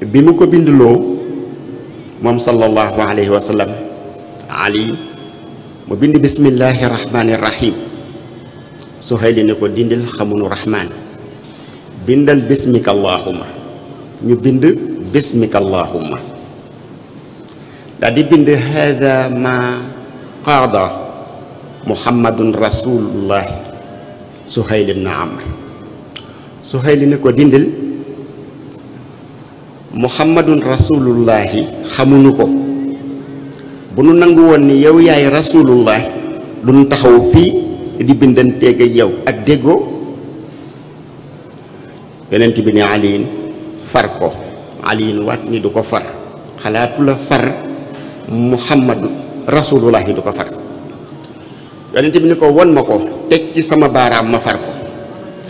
bi mu ko bindloo moom sallallahu alayhi wa sallam ali mu bind bismillahi rahmani rahim suhayli ne ko dindil xamunu rahmaan bindal bismika allahuma ñu bind bismika allahuma daal di bind hada ma qaada muhammadun rasulullahi suhayli bna amr suhayli ne ko dindil muhammadun rasulullahi xamuñu ko bu nu nangu woon ni yow yaay rasulullah du nu taxaw fii di bindanteeg ak yow ak déggoo yonent bi ne aliin far ko aliin waat ni du ko far xalaatu la far muhammadu rasulullahi du ko far yonent bi ni ko won ma ko teg ci sama baaraam ma far ko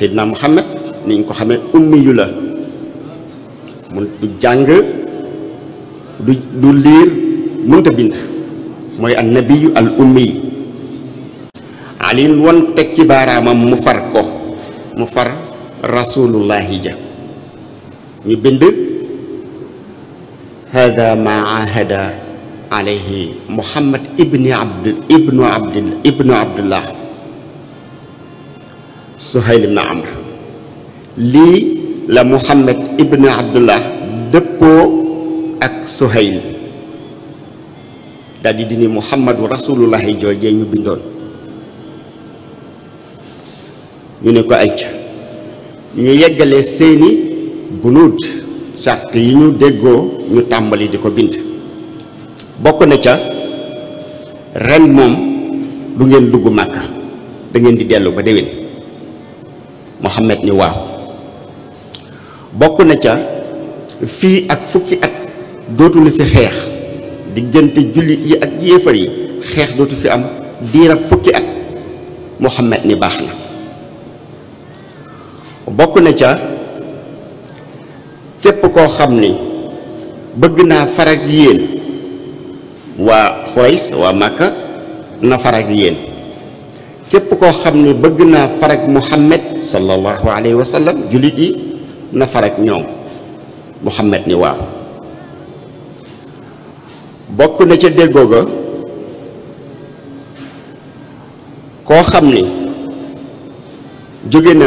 seydina muhammad niñ ko xamee ummi yu la mun du jàng du liir mënta bind mooy an nabiyu al ummi alin won teg ci baaraamam mu far ko mu far rasulullahi ja ñu bind hada ma ahada alayhi muhammad ibni abd ibnu abdil ibnu abdullah suhayl ibn amr lii la Muhammad ibn Abdullah dëppoo ak Suhayl daldi dini Muhammadu rasulullahi joojee ñu bindoon ñu ne ko ay ñu yeggale seeni bunuut sart yi ñu déggoo ñu tàmbali di ko bind bokk na ca ren moom du ngeen dugg màkka dangeen di dellu ba déwén Muhammad ni waaw bokk na ca fii ak fukki at dootuñu fi xeex diggante jullit yi ak yéefar yi xeex dootu fi am diirab fukki at Muhammad ni baax na bokk na ca képp koo xam ni bëgg naa farag yéen waa Xurays waa Màkka na farag yéen képp koo xam ni bëgg naa farag Muhammad sallallahu alayhi wa jullit yi na farek ñoom Muhammad ni waaw bokk na ca déggoo ga koo xam ni jóge na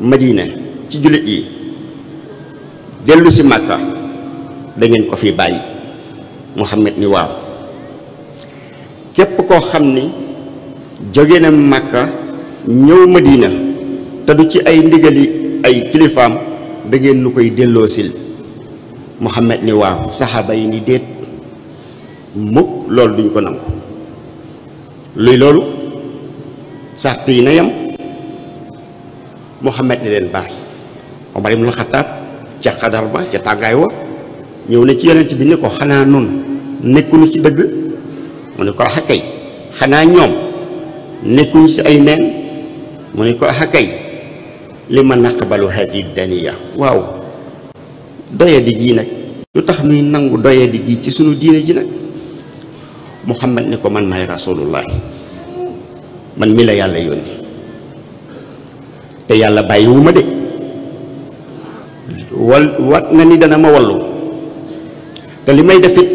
Madina ci jullit yi dellu si Màkka da ngeen ko fi bàyyi Muhammad ni waaw képp koo xam ni jóge na Màkka ñëw Madina te du ci ay ndigali ay kilifaam da ngeen nu koy delloo sil Muhammad ni waaw saxaaba yi ni déet mukk loolu duñ ko nangu luy loolu sart yi na yem Muhammad ni leen baax Omar ibn Xattaab ca xadar ba ca tàngaay wa ñëw na ci yonent bi ni ko xanaa nun nekkuñu ci dëgg mu ne ko ax xanaa ñoom nekkuñu ci ay neen mu ne ko ax li ma naqbalu hadi daniya waaw doyadi gii nag lu tax nuy nangu doyadi gii ci sunu diine ji nag muhammad ni ko man maay rasulullah man mi la yàlla yónni te yàlla bàyyiwu ma de wal wat na ni dana ma wallu te li may defit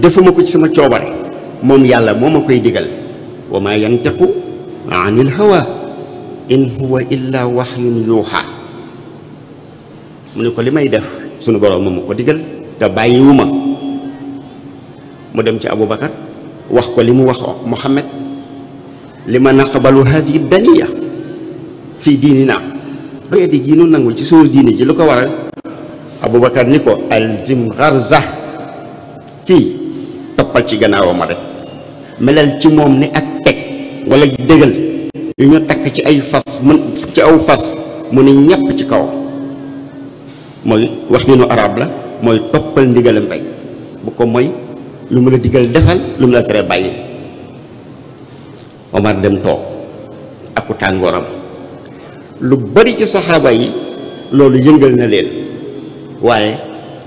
defuma ko ci sama coobare moom yàlla moo ma koy digal wa ma yantiqu anil hawa in huwa illa waxyun yuuxa mu ne ko li may def sunu borom ma ko digal te bàyyiwu ma mu dem ci Aboubacar wax ko li mu wax Muhammad li ma naqbalu hadihi daniya fii diinina doyadi gi giinu nangul ci suur diini ji lu ko waral Aboubacar ni ko aljim garza kii toppal ci gannaawam rek melal ci moom ni ak teg wala dëgal li ñu takk ci ay fas mën ci aw fas mu ne ñàpp ci kaw mooy wax ñu nu arab la mooy toppal ndigalam rek bu ko moy lu mu la digal defal lu mu la tere bàyyi Omar dem toog aku tàngooram lu bari ci saxaaba yi loolu yëngal na leen waaye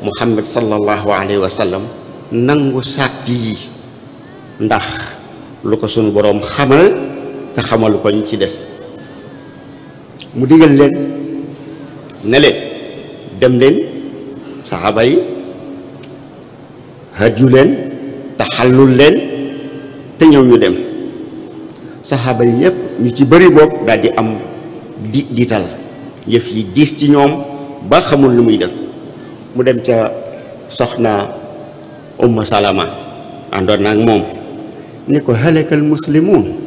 Muhammad sallallahu alayhi wa sallam nangu sàrt yi ndax lu ko sunu boroom xamal te xamalu ko ñu ci des mu digal leen ne leen dem leen saxaaba yi haju leen te leen te ñëw ñu dem saxaaba yi ñëpp ñu ci bëri boog daal di am di diital yëf yi diis ci ñoom ba xamul lu muy def mu dem ca soxna umma salama àndoon naag moom ni ko halakal muslimun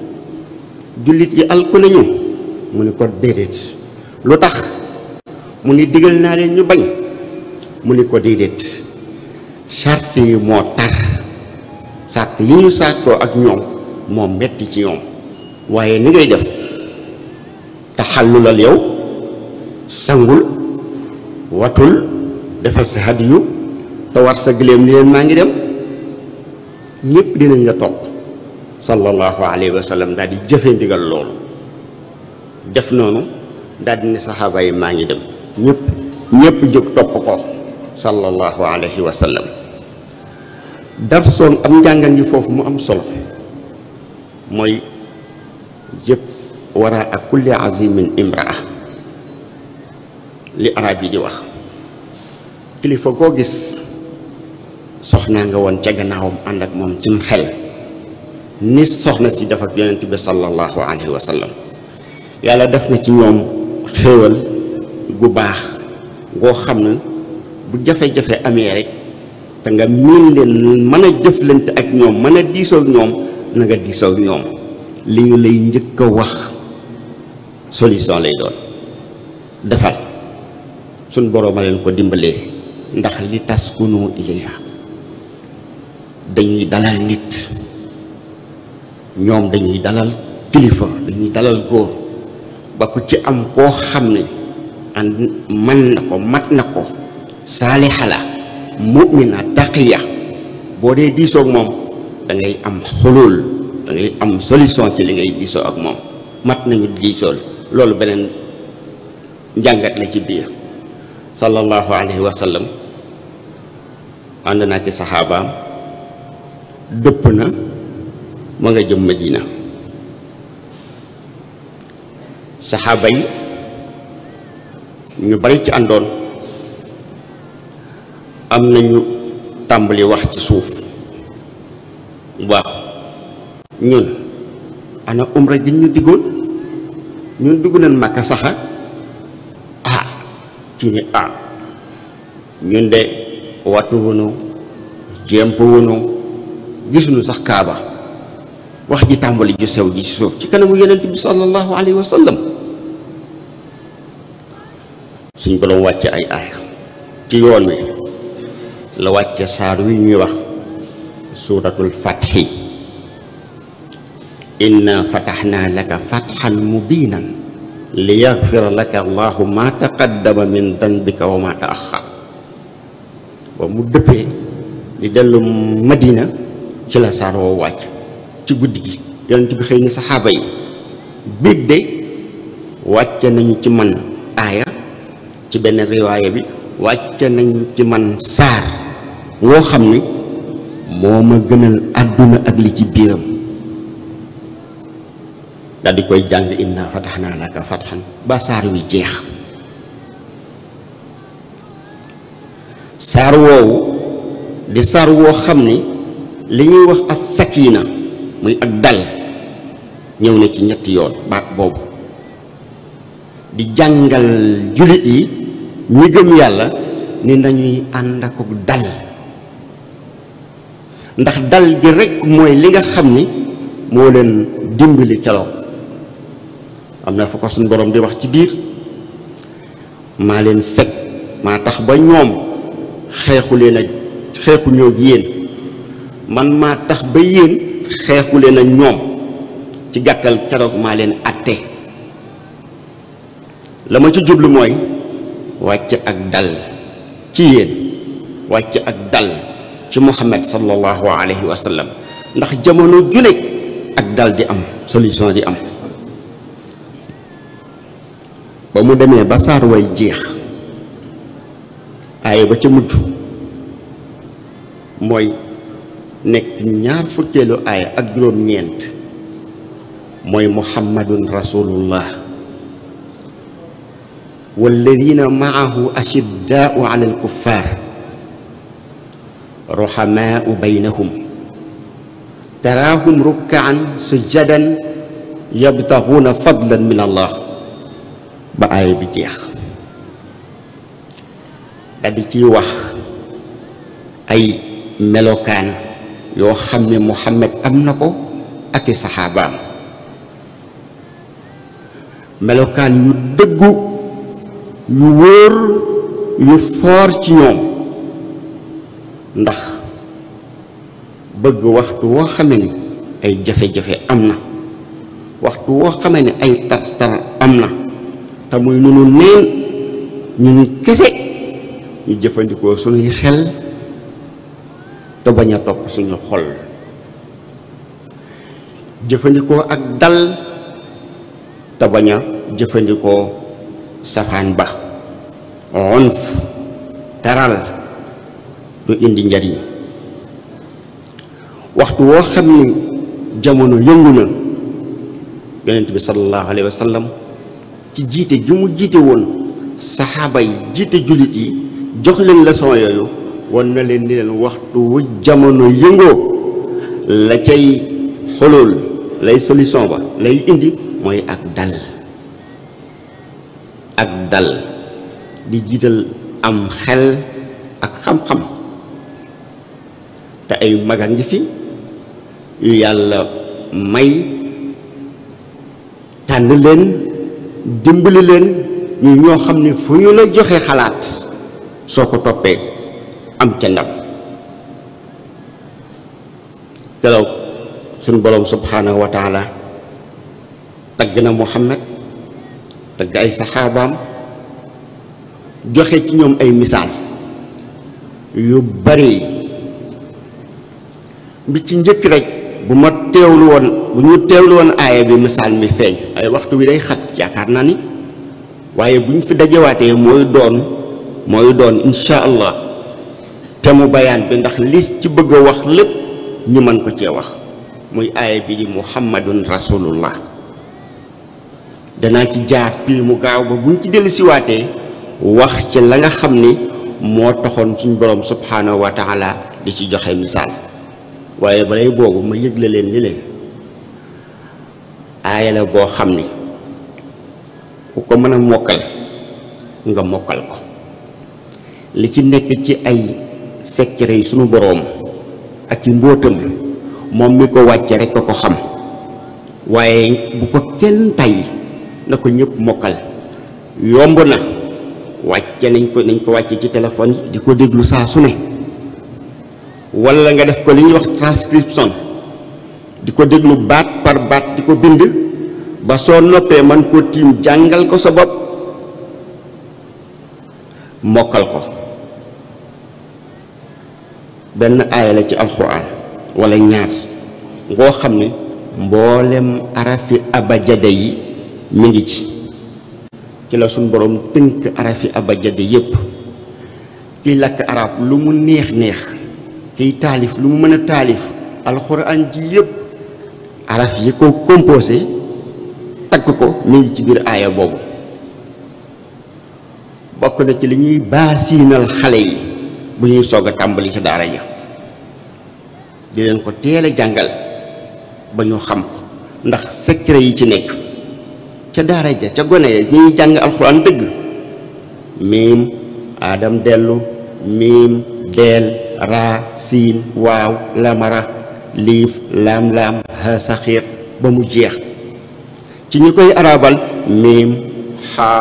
jullit yi alku nañu mu ni ko déedéet lu tax mu ni digal naa leen ñu bañ mu ni ko déedéet sart yi moo tar sart yi ñu sàkkoo ak ñoom moo metti ci ñoom waaye ni ngay def taxallulal yow sangul watul defal sa hadiyu te war sa gëléem ni leen maa ngi dem ñépp dinañ la topp sallallahu alayhi wa sallam daal jëfe ndigal loolu def noonu daal di ne maa ngi dem ñëpp ñëpp jóg topp ko sallallahu alayhi wa sallam am njàngan yi foofu mu am solo mooy yëpp wara ak kulli azimin imraa li arab yi di wax kilifa koo gis soxnaa nga woon ca gannaawam ànd ak moom cim xel ni soxna si def ak yonent bi sallallahu alayhi wa sallam yàlla def na ci ñoom xéewal gu baax goo xam ne bu jafe-jafe amee rek te nga miin leen mën a jëflante ak ñoom mën a diisoo ñoom nanga nga diisoo ñoom li ñu lay njëkk wax solution lay doon defal suñ boroom a leen ko dimbalee ndax li taskunu ilayha dañuy dalal nit ñoom dañuy dalal kilifa dañuy dalal góor ba ku ci am koo xam ne and man na ko mat na ko saalixa la mu'mina taqiya boo dee diisoog moom da am xulul da am solution ci li ngay diisoo ak moom mat nañu diisool loolu beneen njàngat la ci biir sallallahu alayhi wa sallam ànd naa ki saxaabaam dëpp na ma nga jëm Madina saxaaba yi ñu bari ci àndoon am ñu tàmbali wax ci suuf waaw ñun ana umra ji ñu diggoon ñun dugg nañ Makka saxa ah ci ne ah ñun de wattu wunu jéem pa gisuñu sax kaaba wax ji tàmbali ju sew ji ci suuf ci kanamu yonent bi sallallahu alayhi wa sallam suñ boroom wàcce ay aaya ci yoon wi la wàcce saar wi ñuy wax suuratul fatxi inna fataxnaa laka fatxan mubiinan li yaxfir laka allahu ma taqaddama min danbika wa ma taaxar ba mu dëppee di dellu madina ci la saar woo wàcc ci guddi gi yonent bi xëy na saxaaba yi biig de wàcce nañu ci man aaya ci benn riwaaya bi wàcce nañu ci man saar woo xam ni moo ma gënal àdduna ak li ci biiram daal di koy jàng inna fataxnaa laka fatxan ba saar wi jeex saar woowu di saar woo xam ni li ñuy wax as sakina muy ak dal ñëw na ci ñetti yoon baat boobu di jàngal jullit yi ñi gëm yàlla ni nañuy ànd ak dal ndax dal gi rekk mooy li nga xam ni moo leen dimbali keroog am na fa ko suñ boroom di wax ci biir maa leen fekk maa tax ba ñoom xeexu leen ak xeexu ñoo yéen man maa tax ba yéen xeexu leen ñoom ci gàttal keroog maa leen atte la ma ci jublu mooy wàcc ak dal ci yéen wàcc ak dal ci Muhammad sallallahu alayhi wa ndax jamono ju nekk ak dal di am solution di am ba mu demee ba saar way jeex aaye ba ca mujj mooy nekk ñaar fukkeelu aaya ak juróom-ñeent mooy muhammadun rasulullah walladina maahu ashiddaau ala alkuffar ruhamaau baynahum taraahum rukkaan sujjadan yabtaxuuna fadlan min allah ba aaya bi jeex da di ciy wax ay melokaan yoo xam ne Muhammad am na ko ak i saxaabaam melokaan yu dëggu yu wóor yu foor ci ñoom ndax bëgg waxtu woo xame ni ay jafe-jafe am na waxtu woo xame ni ay tar-tar am na te muy nunu neen ñun kese ñu jëfandikoo sunuy xel te bañ a topp suñu xol jëfandikoo ak dal te jëfandikoo safaan ba onf taral du indi njariñ waxtu woo xam ni jamono yëngu na yonent bi sallallahu alayhi wa ci jiite gi mu jiite woon saxaaba yi jiite jullit yi jox leen leçon yooyu wan na leen ni leen waxtu wu jamono yëngoo la cay xolool lay solution ba lay indi mooy ak dal ak dal di jiital am xel ak xam-xam te ay maga ngi fi yu yàlla may tànn leen dimbali leen ñu ñoo xam ne fu ñu la joxe xalaat soo ko toppee am ca ndam suñ boroom subhanahu wa taala tagg na Muhammad tagg ay saxaabaam joxe ci ñoom ay misaal yu bari bi ci njëkk rek bu ma teewlu woon bu ñu teewlu woon aaya bi misaal mi feeñ ay waxtu wi day xat yaakaar naa ni waaye bu ñu fi dajewaatee mooy doon mooy doon insha allah te bayaan bi ndax lis ci bëgg a wax lépp ñu mën ko cee wax muy aaya bi di muhammadun rasulullah danaa ci jaar pii mu gaaw ba buñ ci dellu siwaatee wax ci la nga xam ni moo taxoon suñu boroom subhanahu wa taala di ci joxe misaal waaye balay boobu ma yëgle leen ni leen aaya la boo xam ni ku ko mën a mokkal nga mokkal ko li ci nekk ci ay secret yi sunu boroom ak ci mbóotam moom mi ko wàcce rek a ko xam waaye bu ko kenn tay na ko ñëpp mokkal yomb na wàcce nañ ko nañ ko wàcce ci téléphone yi di ko déglu saa su ne walla nga def ko li ñuy wax transcription di ko déglu baat par baat di ko bind ba soo noppee man koo tiim jàngal ko sa mokkal ko benn aaya la ci alxuraan wala ñaar ngoo xam ni mboolem arafi abajada yi mu ngi ci ci la suñ boroom tënk arafi abajada yépp kiy lakk arab lu mu neex neex kiy taalif lu mu mën a taalif alxuraan ji yépp araf yi ko composé takk ko mi ngi ci biir aaya boobu bokk na ci li ñuy baasiinal xale yi bu ñuy soog a tàmbali ci daara ja di leen ko teel jàngal ba ñu xam ko ndax secret yi ci nekk ca daara ja ca gone ya ñuy jàng alxuraan dëgg miim aadam dellu miim deel raa siin waaw lamara liif laam-laam ha ba mu jeex ci ñu koy arabal miim xaa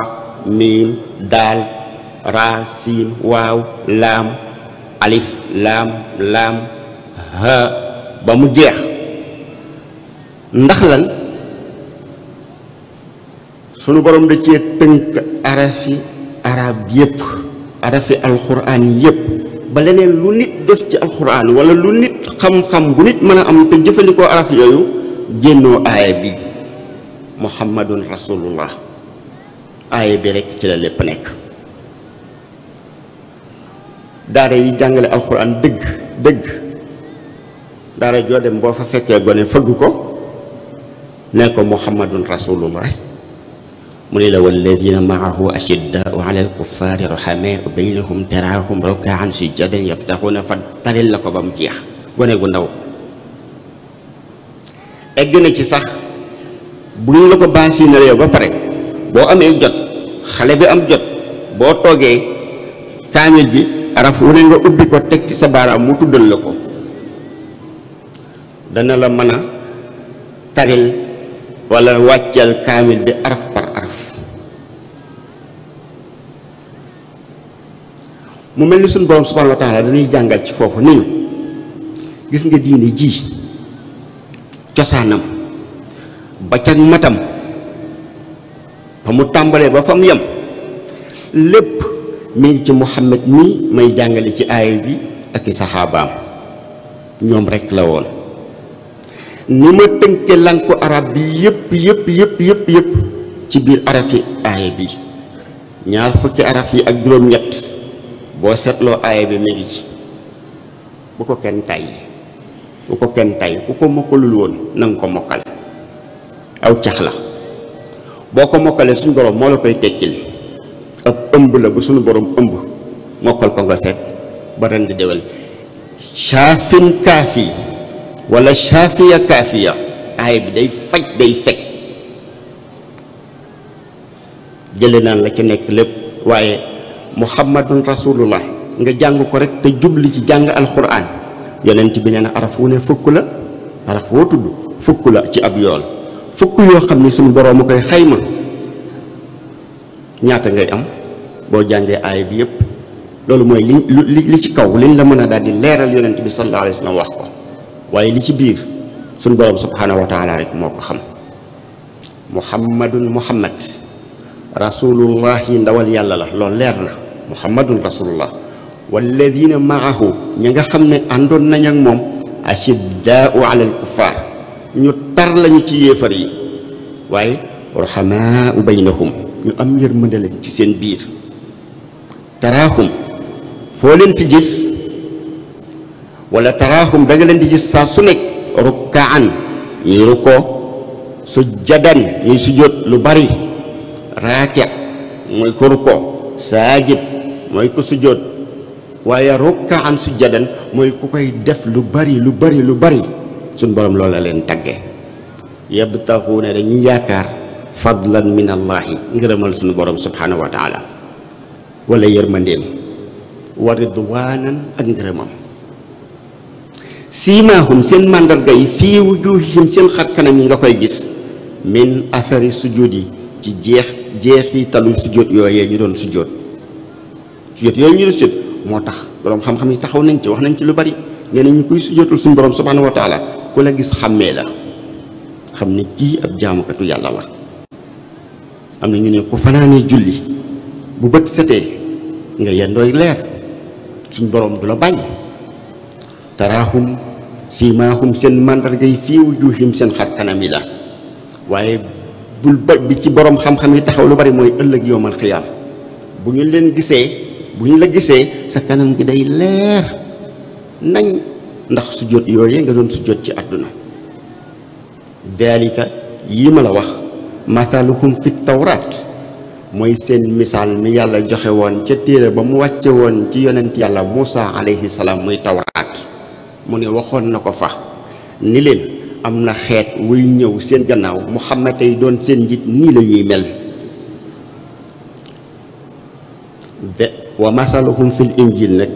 miim daal raa siin waaw laam alif laam laam ha ba mu jeex ndax lan sunu boroom da cee tënk arafi arab yépp arafi alxuraan yépp ba leneen lu nit def ci alxuraan wala lu nit xam-xam bu nit mën a am te jëfandikoo araf yooyu génnoo aaya bi muhammadun rasulullah aaya bi rekk ci la lépp nekk daara yi jàngale alxuraan dëgg dëgg daara joo dem boo fa fekkee gone fëgg ko ne ko muhammadun rasulullah mu ne la walladina maahu ashiddaau ala alkuffaari ruhamaau baynahum taraahum rukaan sujjadan yabtaxuuna fa talil la ko ba mu jeex gone gu ndaw egg na ci sax bu ñu la ko baasi na yow ba pare boo amee jot xale bi am jot boo toogee kaamil bi araf wu ne nga ubbi ko teg ci sa baaraam mu tuddal la ko dana la mën a taril walla wàcceel kaamil bi araf par araf mu mel ni suñ borom subhaanahu wa taala dañuy jàngal ci foofu ni ñu gis nga diine ji cosaanam ba cag matam fa mu tàmbalee ba fa mu lépp mi ngi ci Muhammad mii may jàngale ci aaya bi ak i saxaabaam ñoom rekk la woon ni ma tënke lanku arab bi yépp yëpp yëpp yëpp yëpp ci biir arab yi aaya bi ñaar fukki araf yi ak juróom-ñett boo seetloo aaya bi mi ngi ci bu ko kenn tàyyi bu ko kenn tàyyi ku ko mokkalul woon na ko mokkal aw cax la boo ko mokkalee suñ borom moo la koy tekkil ab ëmb la bu suñu borom ëmb mokkal ko nga seet ba ren di déwél kaafi wala saafiya kaafiya aay bi day faj day fekk jële naan la ci nekk lépp waaye muhammadun rasulullah nga jàng ko rek te jubli ci jàng alquran yonent bi nee na araf ne fukk la araf woo tudd fukk la ci ab yool fukk yoo xam ne suñu borom mu koy xayma ñaata ngay am boo jàngee aaya bi yëpp loolu mooy li li ci kaw liñ la mën a daal di leeral yonent bi sallallahu alayhi wa sallam wax ko waaye li ci biir suñ borom subhaanahu wa taala rek moo ko xam muhammadun muhammad rasulullah yi ndawal yàlla la loolu leer na muhammadun rasulullah walladina maahu ñi nga xam ne àndoon nañ ak moom ashiddaau ala al kuffar ñu tar lañu ci yéefar yi waaye ruhamaau baynahum ñu am yërmande lañ ci seen biir taraaxum foo leen fi gis wala taraaxum da nga leen di gis saa su nekk rukkaan ñuy rukkoo su jadan ñuy sujjóot lu bari raaki mooy ko rukkoo saajid mooy ko sujjóot waaye rukkaan su jadan mooy ku koy def lu bari lu bari lu bari suñ borom a leen tagge ne dañuy yaakaar fadlan min allaahi ngërëmal suñu borom subhaanahu wa taala wala yërmandeem wa ridwaanan ak ngërëmam siimaahum seen màndarga yi fii wujuuhihim seen xar kanam yi nga koy gis min athari sujjóot yi ci jeex jeexitalu sujjóot yooyee ñu doon sujjóot sujjóot yooyu ñu doon sujjóot moo tax boroom xam-xam yi taxaw nañ ci wax nañ ci lu bari nee na ñu kuy sujjóotul suñu borom subhaanahu wa taala ku la gis xàmmee la xam ne kii ab jaamukatu yàlla la am na ñu ne ku fanaanee julli bu bët setee nga yendooy leer suñ boroom du la bàyyi taraaxum siimaahum seen màndarga fiiw fii wujuuhim seen xar kanam yi la waaye bul ba bi ci boroom xam-xam yi taxaw lu bari mooy ëllëg yowmal xiyaam bu ñu leen gisee bu ñu la gisee sa kanam gi day leer nañ ndax sujjóot yooyee nga doon sujjóot ci àdduna daalika yi ma la wax mathaluhum fi tawraat mooy seen misaal mi yàlla joxe woon ca téere ba mu wàcce woon ci yonent yàlla Muusa alayhi salaam muy tawraat mu ne waxoon na ko fa ni leen am na xeet wuy ñëw seen gannaaw mu Muhammad tey doon seen njiit nii lañuy mel de wa masaluhum fil injil nag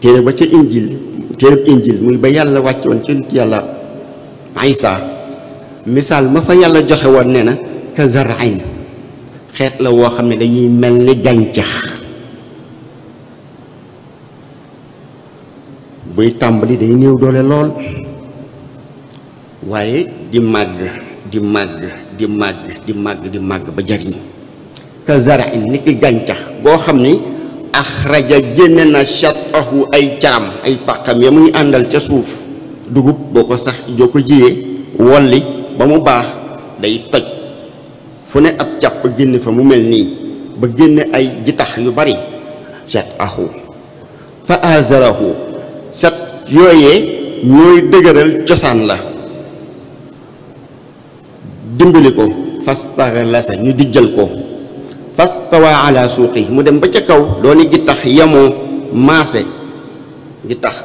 téere ba ca injil téereb injil muy ba yàlla wàcce woon ci yonent yàlla aysa misaal ma fa yàlla joxe ne na ka xeet la woo xam ne dañuy mel ni gàncax buy tàmbali day néew doole lool waaye di màgg di màgg di màgg di màgg di màgg ba jariñ ka zarain ni ki gàncax boo xam ni raja génne na shatahu ay caram ay pàqam ya muy àndal ca suuf dugub boo ko sax joo ko jiyee wolli ba mu baax day toj fu ne ab càpp génne fa mu mel nii ba génne ay jitax yu bari set ahu fa azarahu set yooyee ñooy dëgëral cosaan la dimbali ko fastaxlasa ñu dijjal ko fastawa ala suuqi mu dem ba ca kaw dooni jitax yamoo maase jitax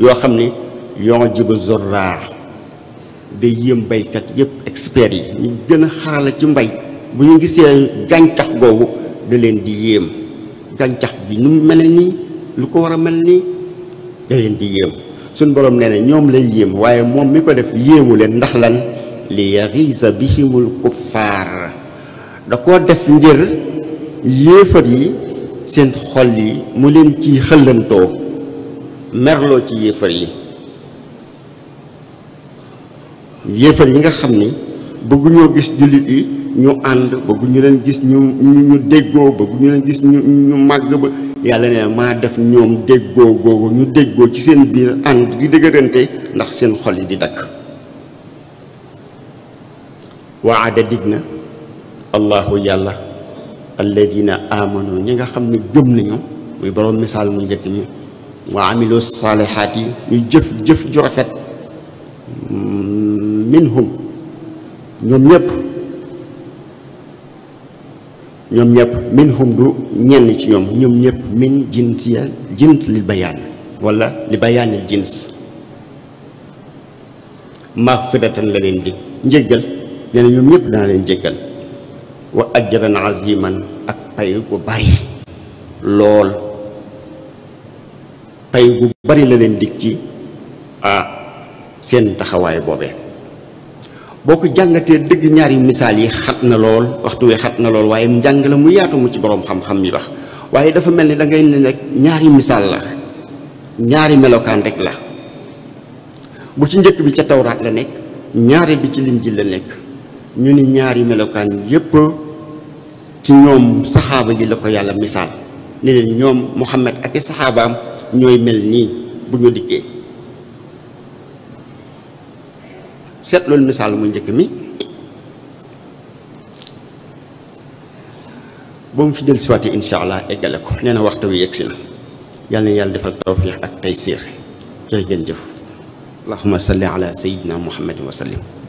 yoo xam ne yon jibu zorraar day yéem baykat yëpp experts yi ñu gën a xarala ci mbay bu ñu gisee gàncax googu da leen di yéem gàncax gi nu mu mel nii lu ko war a mel nii da leen di yéem suñ borom nee na ñoom lay yéem waaye moom mi ko def yéemu leen ndax lan li yaxiisa bihimul kuffaar da koo def ngir yéefar yi seen xol yi mu leen ci xëllantoo merloo ci yéefar yi yéefar yi nga xam ni bëgguñoo gis jullit yi ñu ànd bëgguñu leen gis ñu ñu déggoo bëgguñu leen gis ñu ñu màgg ba yàlla ne maa def ñoom déggoo googu ñu déggoo ci seen biir ànd di dëgërante ndax seen xol yi di dakk waada dig na allahu yàlla alladina amanu ñi nga xam ne gëm nañu muy borom misaal mu njëkk ñi waa amilu saalihaat yi ñu jëf jëf ju rafet minhum ñoom ñëpp ñoom ñëpp minhum du ñenn ci ñoom ñoom ñëpp min jinsiya jins li bayaan wala li bayaanil jins maxfiratan la leen di njëggal nee na ñoom ñëpp dana leen jéggal wa ajran aziman ak pay gu bari lool pay gu bari la leen dig ci ah seen taxawaay boobee boo ko jàngatee dëgg ñaari misaal yi xat na lool waxtu wi xat na lool waaye njàng la mu yaatu mu ci boroom xam-xam yi wax waaye dafa mel ni da ngay ne rek ñaari misaal la ñaari melokaan rek la bu ci njëkk bi ca tawraat la nekk ñaari bi ci ji la nekk ñu ni ñaari melokaan yépp ci ñoom saxaaba yi la ko yàlla misaal ne leen ñoom Muhammad ak i saxaabaam ñooy mel nii bu ñu dikkee seetlool loolu misaal mu njëkk mi ba mu fi del siwaati insha allah eggale ko nee na waxtu wi yegsi na yàlla na yàlla defal tawfiix ak taysiir jërë ngeen jëf allahuma salli ala sayidina muhammadin wa sallim